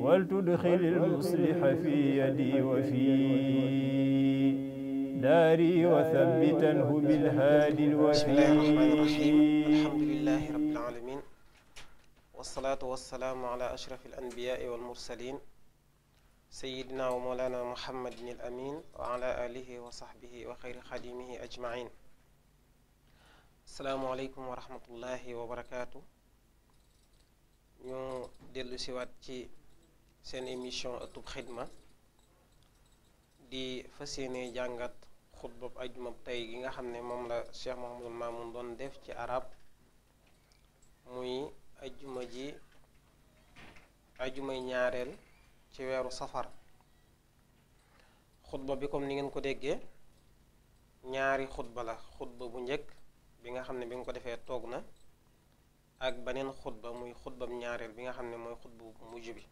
ولتدخل المصلح في يدي وفي داري وثبتنه بالهادي الوفي بسم الله الرحمن الرحيم الحمد لله رب العالمين والصلاة والسلام على أشرف الأنبياء والمرسلين سيدنا ومولانا محمد الأمين وعلى آله وصحبه وخير خديمه أجمعين asalaamaaleykum wa rahmatullahi wa barakaatu ñu dellu siwaat ci seen émission ëttub xidma di fas yéene jàngat xutbab ajuma tey gi nga xam ne moom la Cheikh Mouhamadul Mamoun doon def ci arab muy ajuma ji ajumay ñaareel ci weeru safar xutba bi comme ni ngeen ko déggee ñaari xutba la xutba bu njëkk bi nga xam ne bi nga ko defee toog na ak beneen xutba muy xutbab ñaareel bi nga xam ne mooy xutba bu mujj bi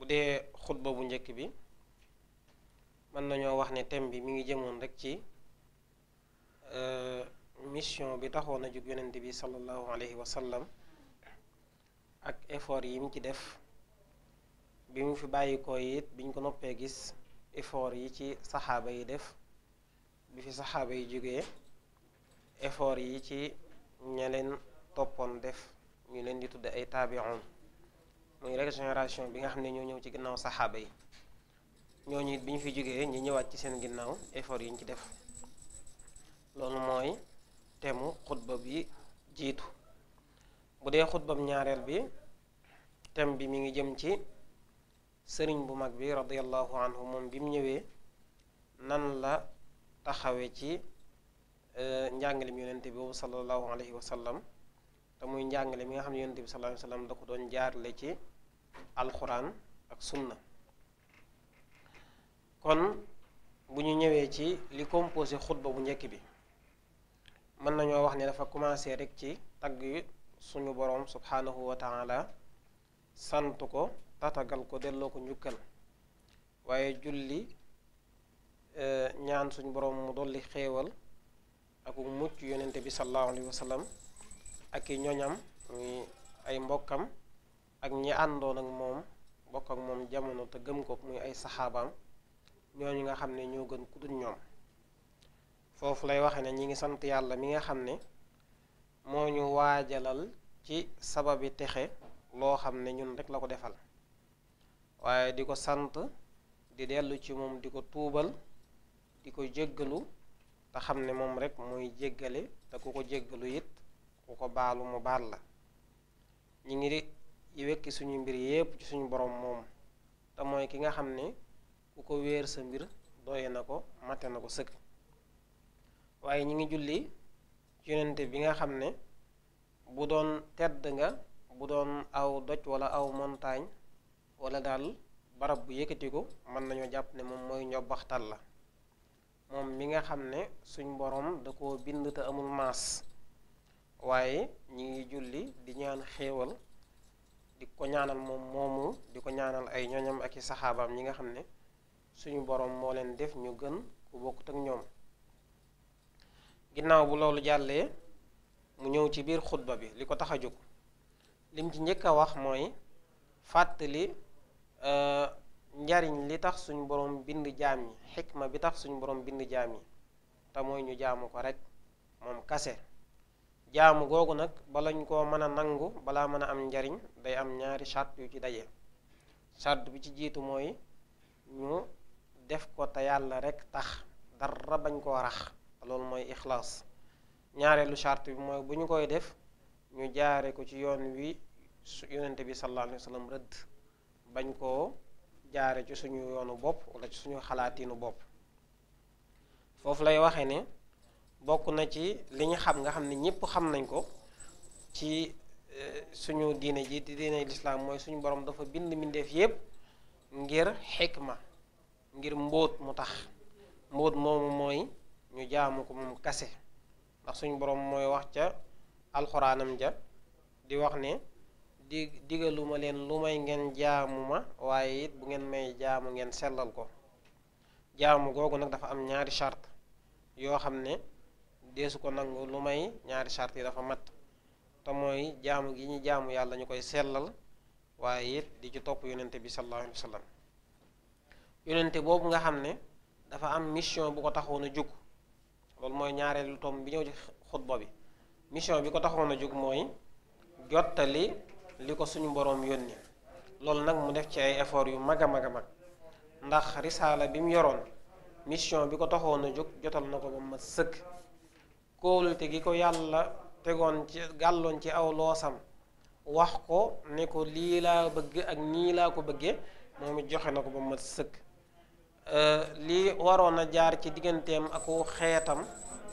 bu dee xutba bu njëkk bi mën nañoo wax ni thème bi mi ngi jëmoon rek ci euh, mission bi taxoon a jóg yonent bi sallallahu alayhi wa sallam ak effort yi mu ci def bi mu fi bàyyi ko it biñ ko noppee gis effort yi ci saxaaba yi def bi fi saxaaba yi jógee effort yi ci ña leen toppoon def ñu leen di tudde ay taabi'un muy rek génération bi nga xam ne ñoo ñëw ci ginnaaw saxaaba yi ñooñu it bi ñu fi jógee ñu ñëwaat ci seen ginnaaw effort yi ñu ci def loolu mooy temu xutba bi jiitu bu dee xutbam ñaareel bi tem bi mi ngi jëm ci sëriñ bu mag bi radiallahu anhu moom bi mu ñëwee nan la taxawee ci euh, njàngaleem yonente boobu sallallahu alayhi wa sallam te muy njàngale mi nga xam ne yonent bi sallallahu alayhi da ko doon jaarale ci alxuraan ak sunna kon bu ñu ñëwee ci li composé xutba bu njëkk bi mën nañoo wax ne dafa commencé rek ci tagg suñu boroom subhanahu wa taala sant ko tatagal ko delloo ko njukkal waaye julli e, ñaan suñu boroom mu dolli xéewal ak mucc yonente bi sallallahu alayhi wa ak i ñoñam muy ay mbokkam ak ñi àndoon ak moom bokk ak moom jamono te gëm ko muy ay saxaabaam ñooñu nga xam ne ñoo gën ku ñoom foofu lay waxe ne ñi ngi sant yàlla mi nga xam ne moo ñu waajalal ci sababi texe loo xam ne ñun rekk la ko defal waaye di ko sant di dellu ci moom di ko tuubal di ko jéggalu te xam ne moom rekk mooy jéggale te ku ko jéggalu it ku ko baalu mu baal la ñi ngi wekki suñu mbir yépp ci suñu boroom moom te mooy ki nga xam ne ku ko wéer sa mbir doye na ko mate na ko sëkk waaye ñi ngi julli ci yonente bi nga xam ne bu doon tedd nga bu doon aw doj wala aw montagne wala daal barab bu yëkkatiku mën nañoo jàpp ne moom mooy njobbaxtal la moom mi nga xam ne suñ borom da ko bind te amul maas waaye ñi ngi julli di ñaan xéewal di ko ñaanal moom moomu di ko ñaanal ay ñooñam ak i saxaabaam ñi nga xam ne suñu boroom moo leen def ñu gën ku bokkut ak ñoom ginnaaw bu loolu jàllee mu ñëw ci biir xutba bi li ko tax a jóg lim ci njëkk a wax mooy fàttali euh, njariñ li tax suñu borom bind jaam yi xikma bi tax suñu borom bind jaam yi te mooy ñu jaamu ko rekk moom kase jaamu googu nag balañ koo mën a nangu balaa mën a am njariñ day am ñaari sart yu ci daje sart bi ci jiitu mooy ñu def ko te yàlla rekk tax dara bañ koo rax loolu mooy ixlaas ñaareelu sart bi mooy bu ñu koy def ñu jaare ko ci yoon wi yonente bi sallallahu alayhi rëdd bañ koo jaare ci suñu yoonu bopp wala ci suñu xalaatinu bopp foofu lay waxe ne bokk na ci liñ xam nga xam ne ñëpp xam nañ ko ci eh, suñu diine ji di diine lislaam mooy suñu borom dafa bind mbindeef yépp ngir xekk ma ngir mbóot mu tax mbóot moomu mooy ñu jaamu ko moom kase ndax suñu boroom mooy wax ca alxuraanam ja di wax ne di digaluma leen lu may ngeen jaamu ma waaye it bu ngeen may jaamu ngeen sellal ko jaamu googu nag dafa am ñaari charte yoo xam ne deesu ko nangu lu may ñaari sart yi dafa mat te mooy jaamu gi ñu jaamu yàlla ñu koy sellal waaye it di ci topp yonente bi sallallahu alayhi wa boobu nga xam ne dafa am mission bu ko taxoon a jóg loolu mooy ñaareelu tom bi ñëw ci xutba bi mission bi ko taxoon a jóg mooy jottali li ko suñu boroom yónni loolu nag mu def ci ay effort yu mag a mag a mag ndax risaala bi mu yoroon mission bi ko taxoon a jóg jotal na ko ba mat sëkk kóolute gi ko yàlla tegoon ci gàlloon ci aw loosam wax ko ne ko lii laa bëgg ak nii laa ko bëggee moom it joxe na ko ba mat sëkk euh, lii waroon a jaar ci digganteem aku xeetam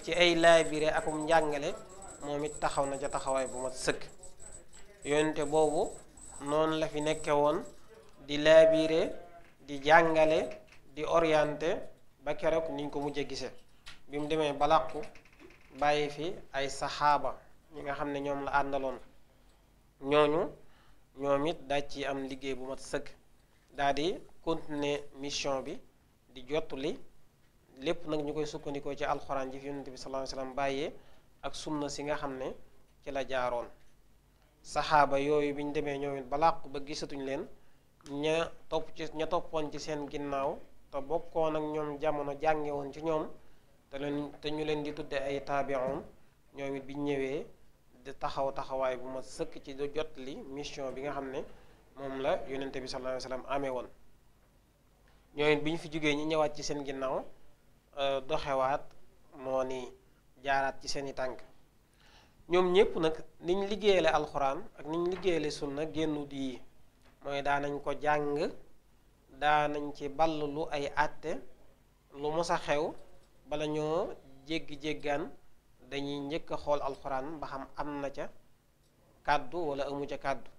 ci ay laabire akum njàngale moom it taxaw na ca taxawaay bu mat sëkk yonte boobu noonu la fi nekke woon di laabire di jàngale di orienté ba keroog niñ ko mujjee gise bi mu demee balàqu bàyyi fi ay saxaaba ñi nga xam ne ñoom la àndaloon ñooñu ñoom it daa ci am liggéey bu mat sëkk daal di continuer mission bi di jottali lépp nag ñu koy sukkandikoo ci alxuraan ji fi yonent bi sallallahu bàyyee ak sunna si nga xam ne ci la jaaroon saxaaba yooyu bi ñu demee ñoom it balaa ba gisatuñ leen ña topp ci ña toppoon ci seen ginnaaw te bokkoon ak ñoom jamono jànge ci ñoom te leen ñu leen di tudde ay taabi'un ñoom it bi ñu ñëwee di taxaw taxawaay bu ma sëkk ci jot li mission bi nga xam ne moom la yonente bi sallallahu alayhi wasallam amee woon ñooñu bi ñu fi jógee ñi ñëwaat ci seen ginnaaw euh, doxewaat moo ni jaaraat ci seeni tànk ñoom ñépp nag niñ liggéeyale alxuraan ak niñ liggéeyale sunna génnut yi mooy daanañ ko jàng daanañ ci ball lu ay àtte lu mës a xew bala ñoo jéggi-jéggaan dañuy njëkk a xool alxuraan ba xam am na ca kàddu wala amu ca kàddu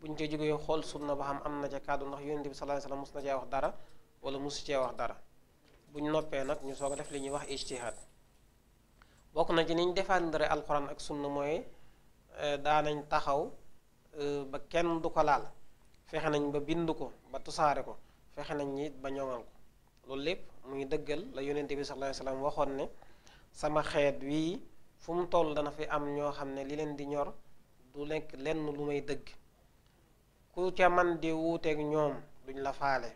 buñ ca jógee xool sunna ba xam am na ca kàddu ndax yonent bi sallallahu alayhi wasallam wax dara wala mosu cee wax dara buñ noppee nag ñu soog a def li ñuy wax ijtihaad bokk na ci niñ défendre alxuraan ak sunna mooy eh, daanañ taxaw eh, ba kenn du ko laal fexe nañ ba bind ko ba tosaare ko fexe nañ it ba ñoŋal ko loolu lépp muy dëggal la yonente bi sallallahu alayhi waxoon ne sama xeet wii fu mu toll dana fi am ñoo xam ne li leen di ñor du nekk lenn lu may dëgg ku ca man di wuuteeg ñoom duñ la faale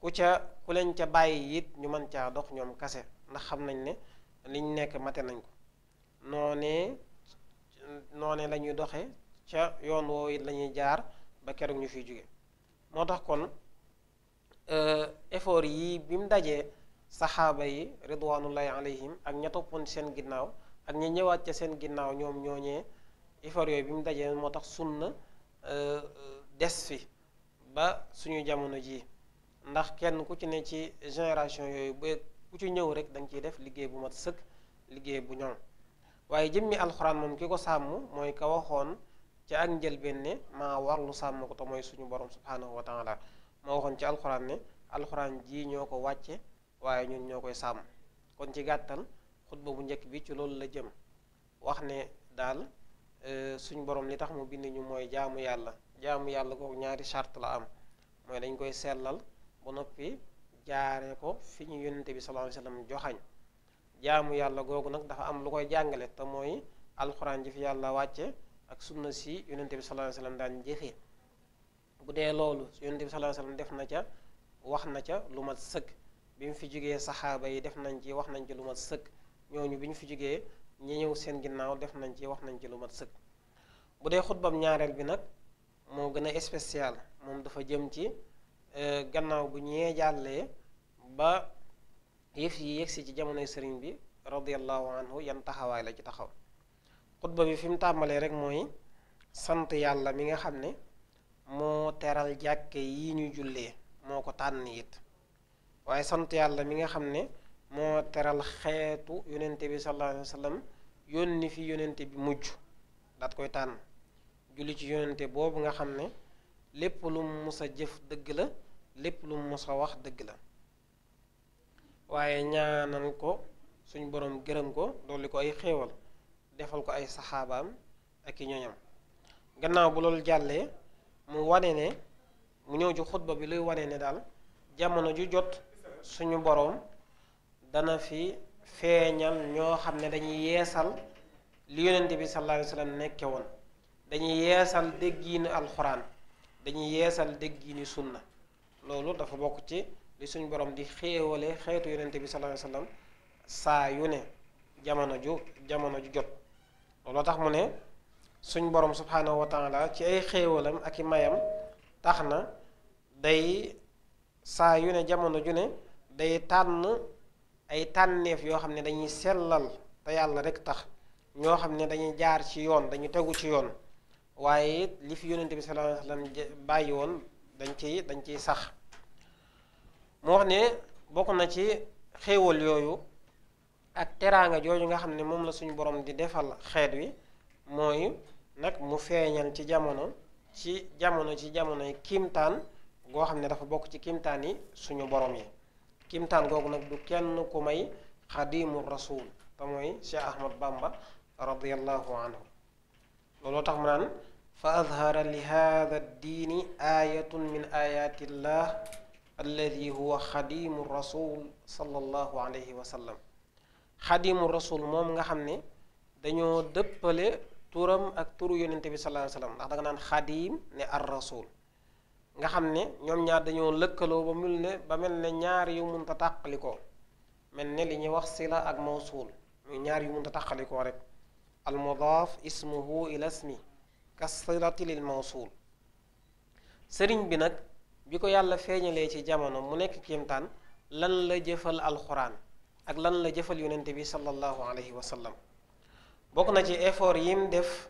ku ca ku leen ca bàyyi it ñu mën caa dox ñoom kase ndax xam nañ ne liñ nekk mate nañ ko noonee noonee lañuy ñuy doxe ca yoon woowu it la jaar ba keroog ñu fiy jóge moo tax kon Euh, effort yii bi mu dajee saxaaba yi ridwanullahi alayhim ak ña toppoon seen ginnaaw ak ña ñëwaat ca seen ginnaaw ñoom ñooñee effort yooyu bi mu dajee moo tax sunna euh, des fi ba suñu jamono ji ndax kenn ku ci ne ci génération yooyu ba ku ci ñëw rek da ciy def liggéey bu mat sëkk liggéey bu ñoom waaye jëmmi alxuraan moom ki ko sàmm mooy ka waxoon ca ak njëlbeen ne maa warlu sàmm ko te mooy suñu borom subhaanahu wa taala moo waxoon ci alxuraan ne alxuraan ji ñoo ko wàcce waaye ñun ñoo koy sàmm kon ci gàttal xutba bu njëkk bi ci loolu la jëm wax ne daal e, suñ borom li tax mu bind ñu mooy jaamu yàlla jaamu yàlla ko ñaari charte la am mooy dañ koy sellal ba noppi jaare ko fi ñu yónnente bi sallallahu alayhi wasallam joxañ jaamu yàlla googu nag dafa am lu koy jàngale te mooy alxuraan ji fi yàlla wàcce ak sunna si yónnente bi sallallahu alayhi daan jëfee bu dee loolu yonent bi sallallahu alayhi def na ca wax na ca lu mat sëkk bi mu fi jógee saxaaba yi def nañ ci wax nañ ci lu mat sëkk ñooñu bi ñu fi jógee ñi ñëw seen ginnaaw def nañ ci wax nañ ci lu mat sëkk bu dee xutbam ñaareel bi nag moo gën a spécial moom dafa jëm ci euh, gannaaw bu ñee jàllee ba yëf yi yegsi ci jamonoy sëriñ bi radiallahu anhu yan taxawaay la ci taxaw xutba bi fi mu tàmbalee rek mooy sant yàlla mi nga xam ne moo teral jàkke yi ñu jullee moo ko tànn it waaye sant yàlla mi nga xam ne moo teral xeetu yonente bi sallallahu alayhi wa sallam yónni fi yonente bi mujj daat koy tànn julli ci yonente boobu nga xam ne lépp lu mu mës jëf dëgg la lépp lu mu mës wax dëgg la waaye ñaanal ko suñ boroom gërëm ko dolli ko ay xéewal defal ko ay saxaabaam ak i ñoñam gannaaw bu loolu jàllee mu wane ne mu ñëw ci xutba bi luy wane ne daal jamono ju jot suñu boroom dana fi feeñal ñoo xam ne dañuy yeesal li yonente bi sallallahu alayhi nekke woon dañuy yeesal déggiinu alxuraan dañuy yeesal déggiinu sunna loolu dafa bokk ci li suñu borom di xéewale xeetu yonente bi sallallahu alayhi saa yu ne jamono ju jamono ju jot looloo tax mu ne suñ borom subhaanahu wa taala ci ay xéewalam ak i mayam tax na day saa yu ne jamono ju ne day tànn ay tànneef yoo xam ne dañuy sellal te yàlla rekk tax ñoo xam ne dañuy jaar ci yoon dañu tegu ci yoon waaye li fi yónnent bi sallallahu bàyyi woon dañ ci dañ ciy sax mu wax ne bokk na ci xéewal yooyu ak teraanga jooju nga xam ne moom la suñu borom di defal xeet wi mooy nag mu feeñal ci jamono ci jamono ci jamonoy kimtaan goo xam ne dafa bokk ci kimtaan yi suñu borom yi kimtaan googu nag du kenn ku may xadimu rasul te mooy Cheikh Ahmad Bamba radiallahu anhu looloo tax mu naan fa azhara li hada diini ayatun min ayati llah alladi huwa xadimu rasul sallallahu alayhi wa xadimu rasul moom nga xam ne dañoo dëppale turam ak turu yonente bi sallallahu alayhi wasallam ndax da naan xadim ne ar rasul nga xam ne ñoom ñaar dañoo lëkkaloo ba mel ne ba mel ne ñaar yu munta tàqalikoo mel ne li ñuy wax sila ak mawsul muy ñaar yu munta tàqalikoo rek al mudaaf ismuhu ila ismi ka silati sëriñ bi nag bi ko yàlla feeñalee ci jamono mu nekk kéemtaan lan la jëfal alxuraan ak lan la jëfal yonente bi sallallahu alayhi wa sallam bokk na ci effort yim def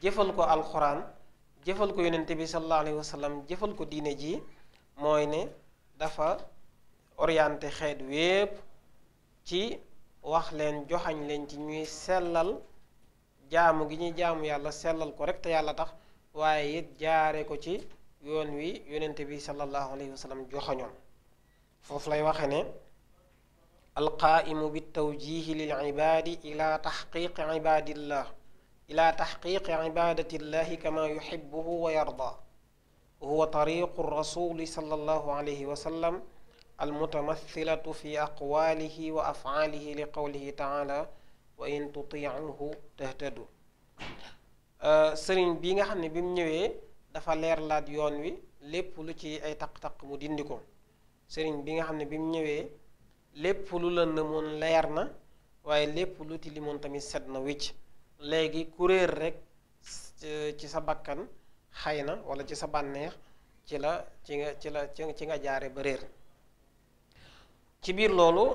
jëfal ko alxuraan jëfal ko yonent bi sallallahu alayhi wa jëfal ko diine ji mooy ne dafa oriente xeet wépp ci wax leen joxañ leen ci ñuy sellal jaamu gi ñuy jaamu yàlla sellal ko rek te yàlla tax waaye it jaare ko ci yoon wi yonent bi sallallahu alayhi wa sallam joxañoon foofu lay waxe ne alqaa'imu bitawjiihi lil ibaadi ila taxqiiqi ibaadillah ila taxqiiqi ibaadatillahi kama yuxibbuhu wa yardaa huwa tariiqu rasuuli sallallahu alayhi wa sallam almutamathilatu fi aqwaalihi wa afcaalihi li qawlihi taala wa in tutiicuhu tahtadu euh, sëriñ bi nga xam ne bi mu ñëwee dafa leerlaat yoon wi lépp lu ci ay taq-taq mu dindi ko sëriñ bi nga xam ne bi mu ñëwee lépp lu la moon leer na waaye lépp lu tilimoon tamit set na wicc léegi kuréer rekk ci sa bakkan xay na wala ci sa bànneex ci la ci nga ci la ci nga jaare ba réer ci biir loolu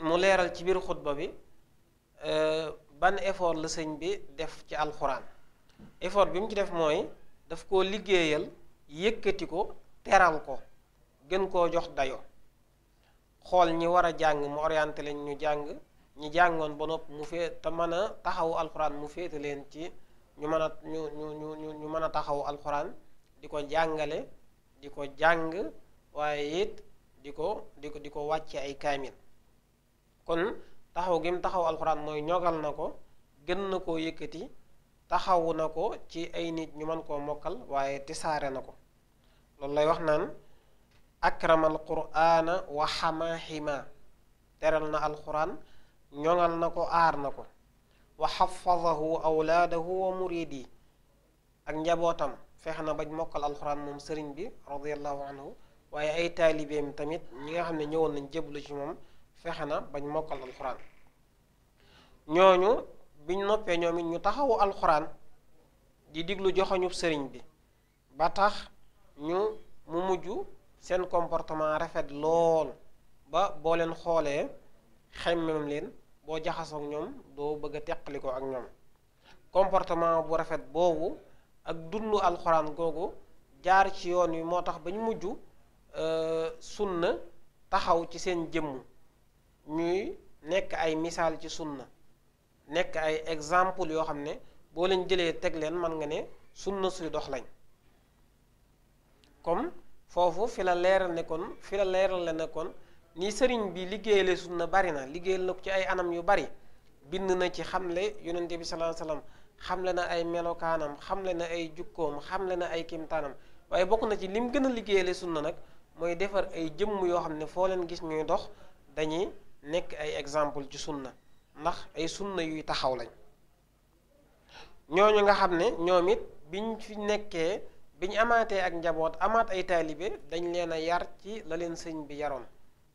mu leeral ci biir xutba bi euh, ban effort la sëñ bi def ci alxuraan effort bi mu ci def mooy daf koo liggéeyal yëkkati ko teral ko gën koo jox dayo xool ñi war a jàng mu orienté leen ñu jàng ñi jàngoon ba nopp mu fee te mën a taxawu alxuraan mu féete leen ci ñu mën a ñu ñu ñu ñu mën a taxawu alxuraan di ko jàngale di ko jàng waaye it di ko di ko di ko wàcce ay kaamil kon taxaw gi mu taxaw alxuraan mooy ñogal na ko gën na koo yëkkati taxawu na ko ci ay nit ñu mën koo mokkal waaye tisaare na ko loolu lay wax naan akramal qur'ana wa xama xima teral na alxuraan ñoŋal na ko aar na ko wa xafadahu awlaadahu wa muridi ak njabootam fexe na bañ mokkal alxuraan moom sëriñ bi radiallahu anhu waaye ay taalibeem tamit ñi nga xam ne ñëwoon nañ jéblu ci moom fexe na bañ mokkal alquran ñooñu biñ noppee ñoom it ñu taxawu alxuraan di diglu joxoñub sëriñ bi ba tax ñu mu mujj seen comportement rafet lool ba boo leen xoolee xemmem leen boo jaxasoog ñoom doo bëgg a teqalikoo ak ñoom comportement bu rafet boobu ak dund alxuraan googu jaar ci yoon wi moo tax ba ñu mujj euh, sunna taxaw ci seen jëmm ñuy nekk ay misaal ci sunna nekk ay exemple yoo xam ne boo leen jëlee teg leen mën nga ne sunna suy dox lañ comme foofu fi la leeral ne kon fi la leeral la ne kon ni sëriñ bi liggéeyale sunna bari na liggéeyal na ci ay anam yu bari bind na ci xamle yonente bi salaa salaam xamle na ay melokaanam xamle na ay jukkoom xamle na ay kimtaanam waaye bokk na ci lim gën a liggéeyale sunna nag mooy defar ay jëmm yoo xam ne foo leen gis ñuy dox dañuy nekk ay exemple ci sunna ndax ay sunna yuy taxaw lañ ñooñu nga xam ne ñoom it biñ fi nekkee bi ñu amaatee ak njaboot amaat ay taalibe dañ leen a yar ci la leen sëñ bi yaroon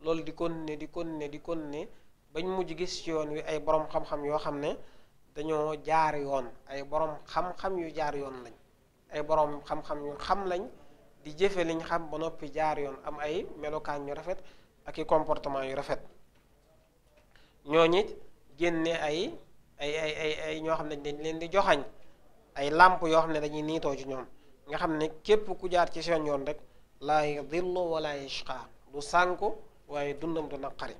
loolu di kon continuer di continuer di continuer bañ mujj gis ci yoon wi ay borom xam-xam yoo xam ne dañoo jaar yoon ay borom xam-xam yu jaar yoon lañ ay boroom xam-xam yu xam lañ di jëfe liñ xam ba noppi jaar yoon am ay melokaan yu rafet ak i comportement yu rafet ñoo ñooñu génne ay ay ay ay ñoo xam ne dañ leen di joxañ ay làmp yoo xam ne dañuy niitoo ci ñoom. nga xam ne képp ku jaar ci seen yoon rek laa yadillu wala yashqa du sànku waaye dundam du naqari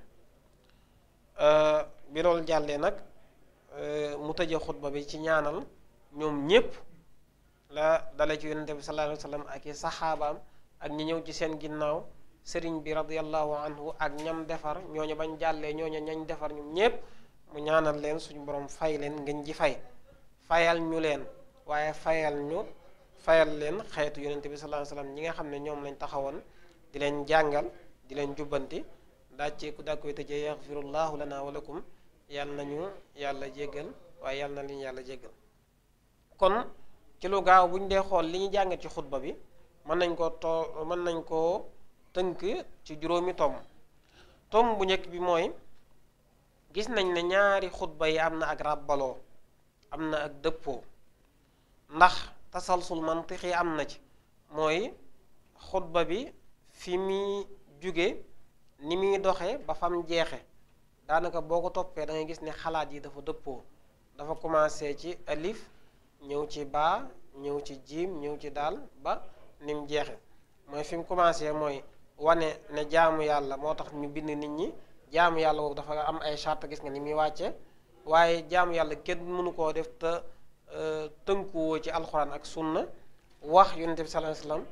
euh, bi loolu jàllee nag euh, mu tëje xutba bi ci ñaanal ñoom ñépp la dale ci yonente bi sallallahu ak i saxaabaam ak ñi ñëw ci seen ginnaaw sëriñ bi radiallahu anhu ak ñam defar ñooñu bañ jàllee ñooñu ñañ defar ñoom ñépp mu ñaanal leen suñu boroom fay leen ngeen ji fay fayal ñu leen waaye fayal ñu fayal leen xeetu yonente bi sallallahu alayhi wasallam ñi nga xam ne ñoom lañu taxawoon di leen jàngal di leen jubbanti daaj ci ku dàkkoy tëjee yaxfirullahu lana walakum yàlla nañu yàlla jéggal waaye yàlla na li yàlla jéggal kon ci lu gaaw bu ñu dee xool li ñu jàngat ci xutba bi mën nañ koo too mën nañ koo tënk ci juróomi tom tom bu njëkk bi mooy gis nañ ne ñaari xutba yi am na ak ràbbaloo am na ak dëppoo ndax tasalsul mantiqi am na ci mooy xutba bi fi muy jóge ni muy doxe ba fam jeexe daanaka boo ko toppee dangay gis ne xalaat yi dafa dëppoo dafa commencé ci alif ñëw ci baa ñëw ci jiim ñëw ci daal ba ni mu jeexe mooy fi mu commencé mooy wane ne jaamu yàlla moo tax ñu bind nit ñi jaamu yàlla boobu dafa am ay charte gis nga ni muy wàcce waaye jaamu yàlla kenn mënu koo def te tënkuwoo ci alxuraan ak sunna wax yonente bi sallallahu alayhi wasallam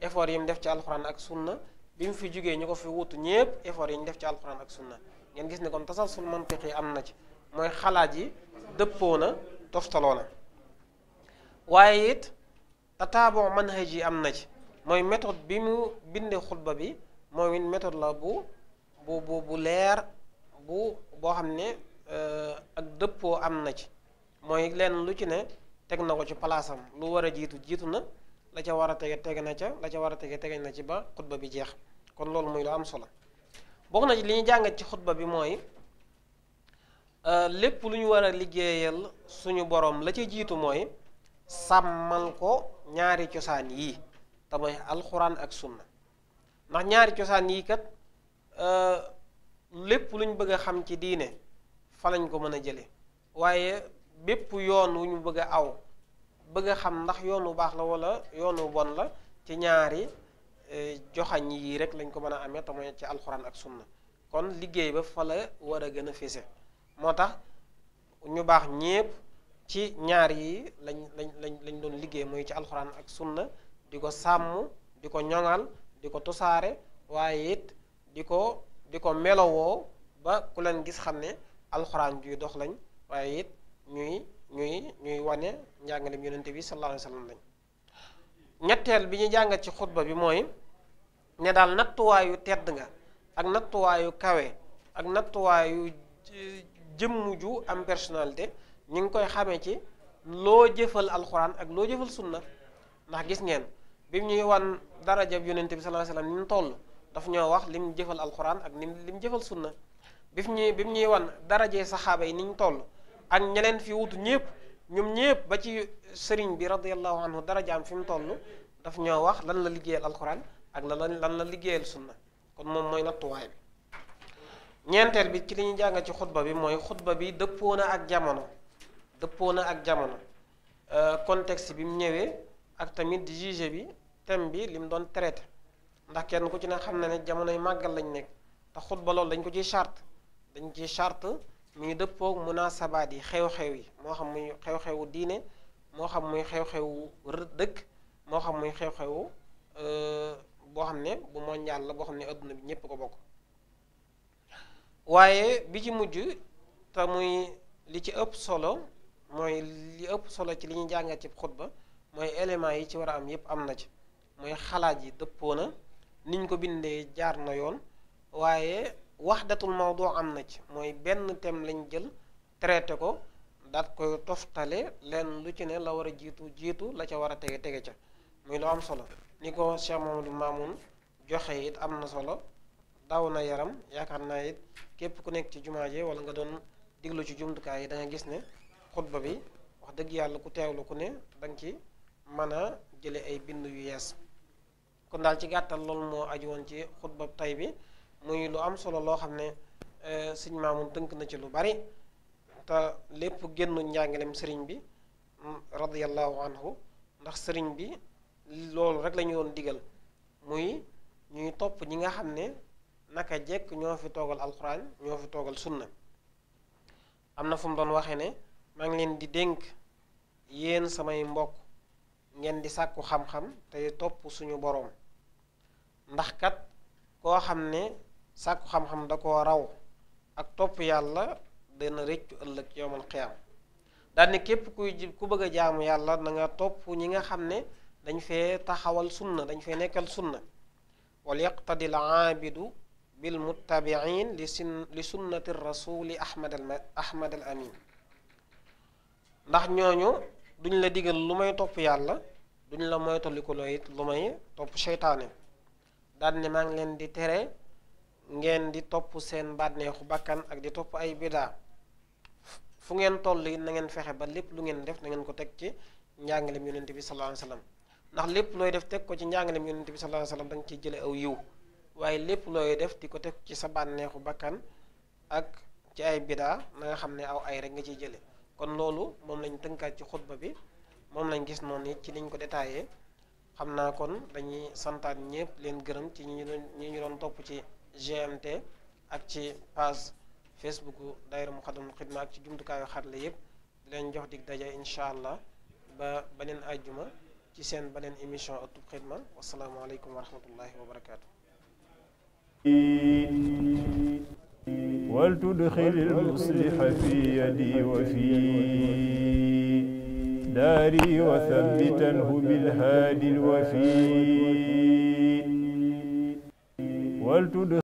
effort yi mu def ci alxuraan ak sunna bi mu fi jógee ñu ko fi wutu ñépp effort yi ñu def ci alxuraan ak sunna ngeen gis ne kon tasalsul mantiq yi am na ci mooy xalaat yi dëppoo na toftaloo waaye it tataaboo manhaj yi am na ci mooy méthode bi mu bindee xutba bi mooy méthode la bu bu bu bu leer bu boo xam ne euh, ak dëppoo am na ci mooy lenn lu ci ne teg na ko ci palaasam lu war a jiitu jiitu na la ca war a tege tege na ca la ca war a tege tege na ci ba xutba bi jeex kon loolu muy lu am solo bokk na ci li ñu jàngat ci xutba bi mooy euh, lépp lu ñu war a liggéeyal suñu boroom la ca jiitu mooy sàmmal ko ñaari cosaan yii te mooy alxuraan ak sunna ndax ñaari cosaan yii kat euh, lépp lu ñu bëgg a xam ci diine fa lañ ko mën a jële waaye bépp yoon wu ñu bëgg a aw bëgg a xam ndax yoon wu baax la wala yoonu bon la ci ñaari e, joxañ yi rek lañ ko mën a amee te mooy ci alxuraan ak sunna kon liggéey ba fa war a gën a fese moo tax ñu baax ñépp ci ñaar yi lañ lañ lañ lañ doon liggéey mooy ci alxuraan ak sunna di ko sàmm di ko ñoŋal di ko tosaare waaye it di ko di ko melowoo ba ku leen gis xam ne alxuraan juy dox lañ waaye it ñuy ñuy ñuy wane njàngalem yonente bi sallallahu alayhi wa sallam lañ ñetteel bi ñu jàngat ci xutba bi mooy ne daal nattuwaayu tedd nga ak nattuwaayu kawe ak nattuwaayu jëmm ju am personnalité ñu ngi koy xamee ci loo jëfal alxuraan ak loo jëfal sunna ndax gis ngeen bi ñuy wan darajab yonente bi sallallahu alayhi wa sallam ni mu daf ñoo wax lim jëfal alxuraan ak nim lim jëfal sunna bi ñuy bi ñuy wan darajee saxaaba yi ni ñu toll ak ñeneen fi wutu ñëpp ñoom ñëpp ba ci sëriñ bi radiallahu anhu darajaam fi mu toll daf ñoo wax lan la liggéeyal alquran ak la lan la liggéeyal sunna kon moom mooy nattuwaay bi ñeenteel bi ci li ñu jàng ci xutba bi mooy xutba bi dëppoo na ak jamono dëppoo na ak jamono euh, contexte bi mu ñëwee ak tamit di juge bi thème bi li mu doon traité ndax kenn ku ci ne xam na ne jamonoy màggal lañ nekk te xutba loolu dañ ko ci chart dañ ci chart mi ngi dëppoog munaasabaat yi xew-xew yi moo xam muy xew-xewu diine moo xam muy xew-xewu dëkk moo xam muy xew-xewu euh, boo xam ne bu mondial la boo xam ne àdduna bi ñépp ko bokk waaye bi ci mujj te muy li ci ëpp solo mooy li ëpp solo ci li ñuy jàngat ci xutba mooy élément yi ci war a am yépp am na ci mooy xalaat yi dëppoo na niñ ko bindee jaar na yoon waaye wax waxdatul mawdu am na ci mooy benn thème lañ jël traité ko daat koy toftale leen lu ci ne la war a jiitu jiitu la ca war a tege tege ca muy lu am solo ni ko Cheikh Mamadou Mamoun joxe it am na solo daw na yaram yaakaar naa it képp ku nekk ci jumaa ji wala nga doon diglu ci jumtukaay yi da nga gis ne xutba bi wax dëgg yàlla ku teewlu ku ne danga nga ci mën a jële ay bind yu yees kon daal ci gàttal loolu moo aju woon ci xutba tay bi muy lu am solo loo xam ne eh, sëñ Maamun tënk na ci lu bari te lépp génnu njàngaleem sëriñ bi mm, radiyallahu anhu ndax sëriñ bi loolu rek la ñu doon digal muy ñuy topp ñi nga xam ne naka jekk ñoo fi toogal alxuraan ñoo fi toogal sunna am na fu mu doon waxee ne maa ngi leen di dénk yéen samay mbokk ngeen di sàkku xam-xam te topp suñu boroom ndax kat koo xam ne sàkku xam-xam da koo raw ak topp yàlla dana rëccu ëllëg yowmal xiyaam daal ne képp kuy ku bëgg a jaamu yàlla na nga topp ñi nga xam ne dañ fee taxawal sunna dañ fee nekkal sunna wal yaqtadi l aabidu bil muttabiin li li sunnati rasuli ahmad al ahmad al amin ndax ñooñu duñ la digal lu may topp yàlla duñ la moytalikuloo it lu may topp seytaane daal ne maa ngi leen di tere ngeen di topp seen bànneexu bàkkan ak di topp ay bidaa fu ngeen toll yi na ngeen fexe ba lépp lu ngeen def nangeen ko teg ci njàngalem yonent bi sallallahu alayhi wasallam ndax lépp looy def teg ko ci njàngalem yonent bi sallallahu alayhi wasallam da nga jële aw yiw waaye lépp looy def di ko teg ci sa bànneexu bàkkan ak ci ay bidaa na nga xam ne aw ay rek nga ciy jële kon loolu moom lañu tënkaat ci xutba bi moom lañ gis noonu it ci niñ ko détaillé xam naa kon dañuy santaan ñépp leen gërëm ci ñi ñu doon topp ci GMT ak ci page Facebook daayira Moukhaddamatoul Khidma ak ci jumtukaayu xarala yëpp di leen jox dig daje incha allah ba beneen àjjuma ci seen beneen émission Ëttub Xidma wasalaamualeykum wa rahmatullahi wa